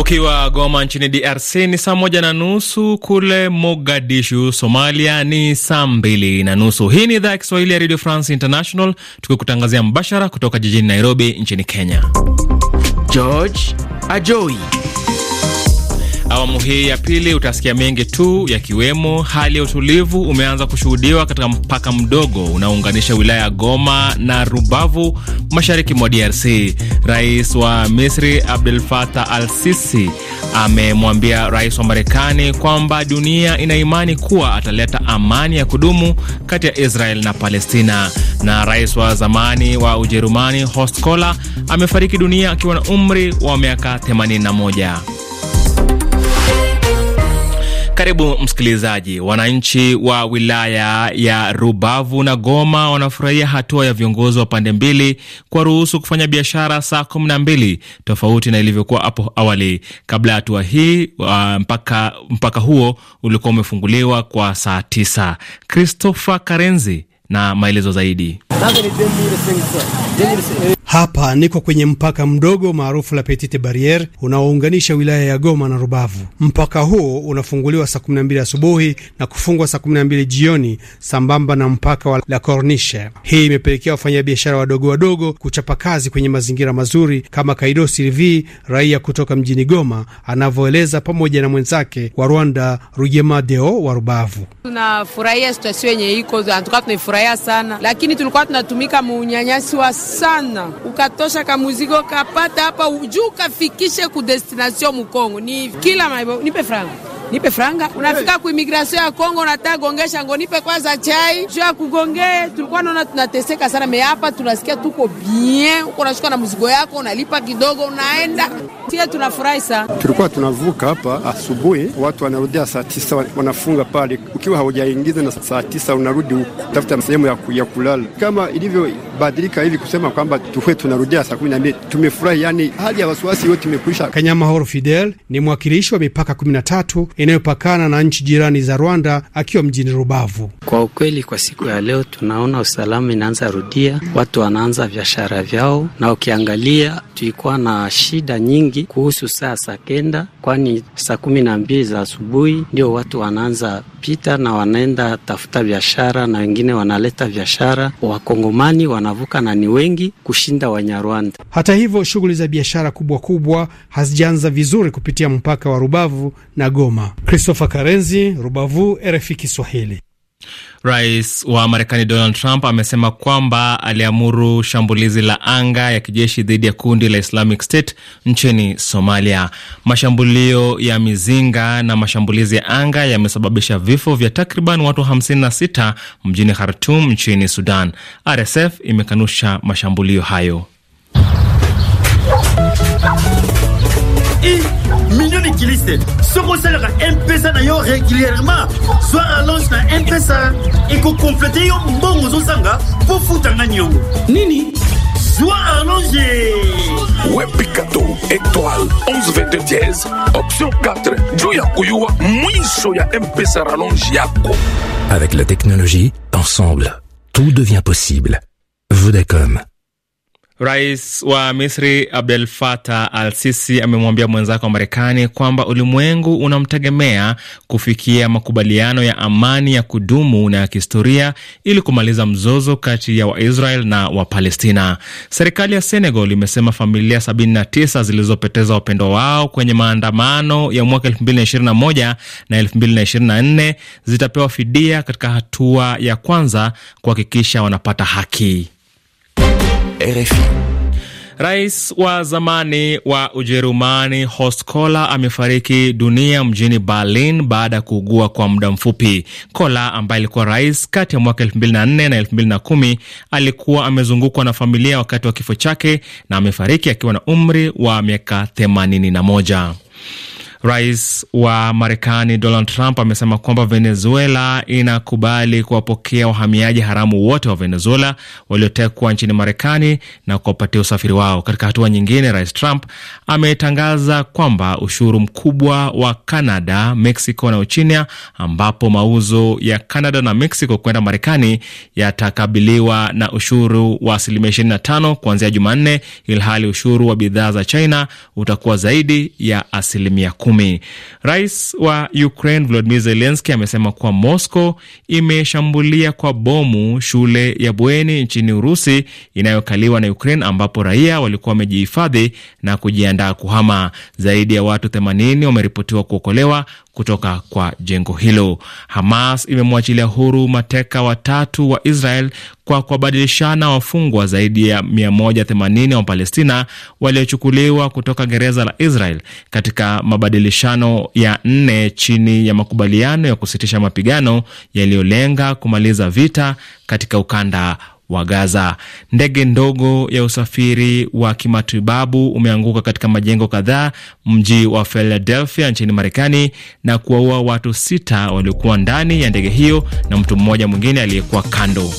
Ukiwa Goma nchini DRC ni saa moja na nusu, kule Mogadishu Somalia ni saa mbili na nusu. Hii ni idhaa ya Kiswahili ya Radio France International, tukikutangazia mbashara kutoka jijini Nairobi nchini Kenya. George Ajoi Awamu hii ya pili utasikia mengi tu yakiwemo hali ya utulivu umeanza kushuhudiwa katika mpaka mdogo unaounganisha wilaya ya Goma na Rubavu mashariki mwa DRC. Rais wa Misri abdul fatah al-Sisi amemwambia rais wa Marekani kwamba dunia ina imani kuwa ataleta amani ya kudumu kati ya Israel na Palestina. Na rais wa zamani wa Ujerumani Horst Kohler amefariki dunia akiwa na umri wa miaka 81. Karibu msikilizaji. Wananchi wa wilaya ya Rubavu na Goma wanafurahia hatua ya viongozi wa pande mbili kwa ruhusu kufanya biashara saa kumi na mbili tofauti na ilivyokuwa hapo awali. Kabla ya hatua hii mpaka, mpaka huo ulikuwa umefunguliwa kwa saa tisa. Christopher Karenzi na maelezo zaidi hapa niko kwenye mpaka mdogo maarufu la Petite Barriere unaounganisha wilaya ya Goma na Rubavu. Mpaka huo unafunguliwa saa 12 asubuhi na kufungwa saa 12 jioni, sambamba na mpaka wa la Corniche. Hii imepelekea wafanyabiashara wadogo wadogo kuchapa kazi kwenye mazingira mazuri, kama Kaido Silvi, raia kutoka mjini Goma, anavyoeleza pamoja na mwenzake wa Rwanda Rugema Deo wa Rubavu. Tunafurahia situasio yenye iko, tunaifurahia sana, lakini tulikuwa tunatumika muunyanyasiwa sana ukatosha kamuzigo kapata hapa juu ukafikishe ku destination Mukongo. Ni kila maibo, nipe franga nipe franga. Unafika ku immigration ya Kongo, unataka gongesha ngo nipe kwanza chai juu ya kugongea. Tulikuwa naona tunateseka sana, me hapa tunasikia tuko bien. Uko unashuka na mzigo yako, unalipa kidogo, unaenda tia. Tunafurahi sana. Tulikuwa tunavuka hapa asubuhi, watu wanarudia saa tisa, wanafunga pale. Ukiwa haujaingiza na saa tisa, unarudi tafuta sehemu ya kulala, kama ilivyo badilika hivi kusema kwamba tuwe tunarudia saa kumi na mbili. Tumefurahi, yani hali ya wasiwasi yote imekwisha. Kanyamahoro Fidel ni mwakilishi wa mipaka kumi na tatu inayopakana na nchi jirani za Rwanda akiwa mjini Rubavu. Kwa ukweli, kwa siku ya leo tunaona usalama inaanza rudia, watu wanaanza biashara vyao, na ukiangalia tulikuwa na shida nyingi kuhusu saa saa kenda, kwani saa kumi na mbili za asubuhi ndio watu wanaanza pita na wanaenda tafuta biashara na wengine wanaleta biashara. Wakongomani wana wanavuka na ni wengi kushinda Wanyarwanda. Hata hivyo, shughuli za biashara kubwa kubwa hazijaanza vizuri kupitia mpaka wa Rubavu na Goma. Christopher Karenzi, Rubavu, RFI Kiswahili. Rais wa Marekani Donald Trump amesema kwamba aliamuru shambulizi la anga ya kijeshi dhidi ya kundi la Islamic State nchini Somalia. Mashambulio ya mizinga na mashambulizi ya anga yamesababisha vifo vya takriban watu 56 mjini Khartum nchini Sudan. RSF imekanusha mashambulio hayo. milioni kiliste soko osalaka mpesa na yo régulièrement zwa rallonge na mpesa ekokomplete yo mbongo ozosanga mpo foutre un agneau. nini zwa rallonge wepicato étoile 1122 dièse option 4 Joya Kuyua, Muysoya MPSA ya mpesa rallonge avec la technologie ensemble tout devient possible vodacom Rais wa Misri Abdel Fattah Al Sisi amemwambia mwenzake wa Marekani kwamba ulimwengu unamtegemea kufikia makubaliano ya amani ya kudumu na ya kihistoria ili kumaliza mzozo kati ya Waisrael na Wapalestina. Serikali ya Senegal imesema familia 79 zilizopoteza wapendwa wao kwenye maandamano ya mwaka 2021 na 2024 zitapewa fidia katika hatua ya kwanza kuhakikisha wanapata haki. RFI. Rais wa zamani wa Ujerumani Horst Kohler amefariki dunia mjini Berlin baada ya kuugua kwa muda mfupi. Kohler ambaye alikuwa rais kati ya mwaka 2004 na 2010 alikuwa amezungukwa na familia wakati wa kifo chake na amefariki akiwa na umri wa miaka 81. Rais wa Marekani Donald Trump amesema kwamba Venezuela inakubali kuwapokea wahamiaji haramu wote wa Venezuela waliotekwa nchini Marekani na kuwapatia usafiri wao. Katika hatua nyingine, Rais Trump ametangaza kwamba ushuru mkubwa wa Canada, Mexico na Uchinia, ambapo mauzo ya Canada na Mexico kwenda Marekani yatakabiliwa na ushuru wa asilimia 25 kuanzia Jumanne, ilhali ushuru wa bidhaa za China utakuwa zaidi ya asilimia kumi. Rais wa Ukraine Volodymyr Zelensky amesema kuwa Moscow imeshambulia kwa bomu shule ya bweni nchini Urusi inayokaliwa na Ukraine, ambapo raia walikuwa wamejihifadhi na kujiandaa kuhama. Zaidi ya watu 80 wameripotiwa kuokolewa kutoka kwa jengo hilo. Hamas imemwachilia huru mateka watatu wa Israel kwa kuwabadilishana wafungwa zaidi ya 180 wa Palestina waliochukuliwa kutoka gereza la Israel katika mabadilishano ya nne chini ya makubaliano ya kusitisha mapigano yaliyolenga kumaliza vita katika ukanda wa Gaza. Ndege ndogo ya usafiri wa kimatibabu umeanguka katika majengo kadhaa mji wa Philadelphia nchini Marekani na kuwaua watu sita waliokuwa ndani ya ndege hiyo na mtu mmoja mwingine aliyekuwa kando.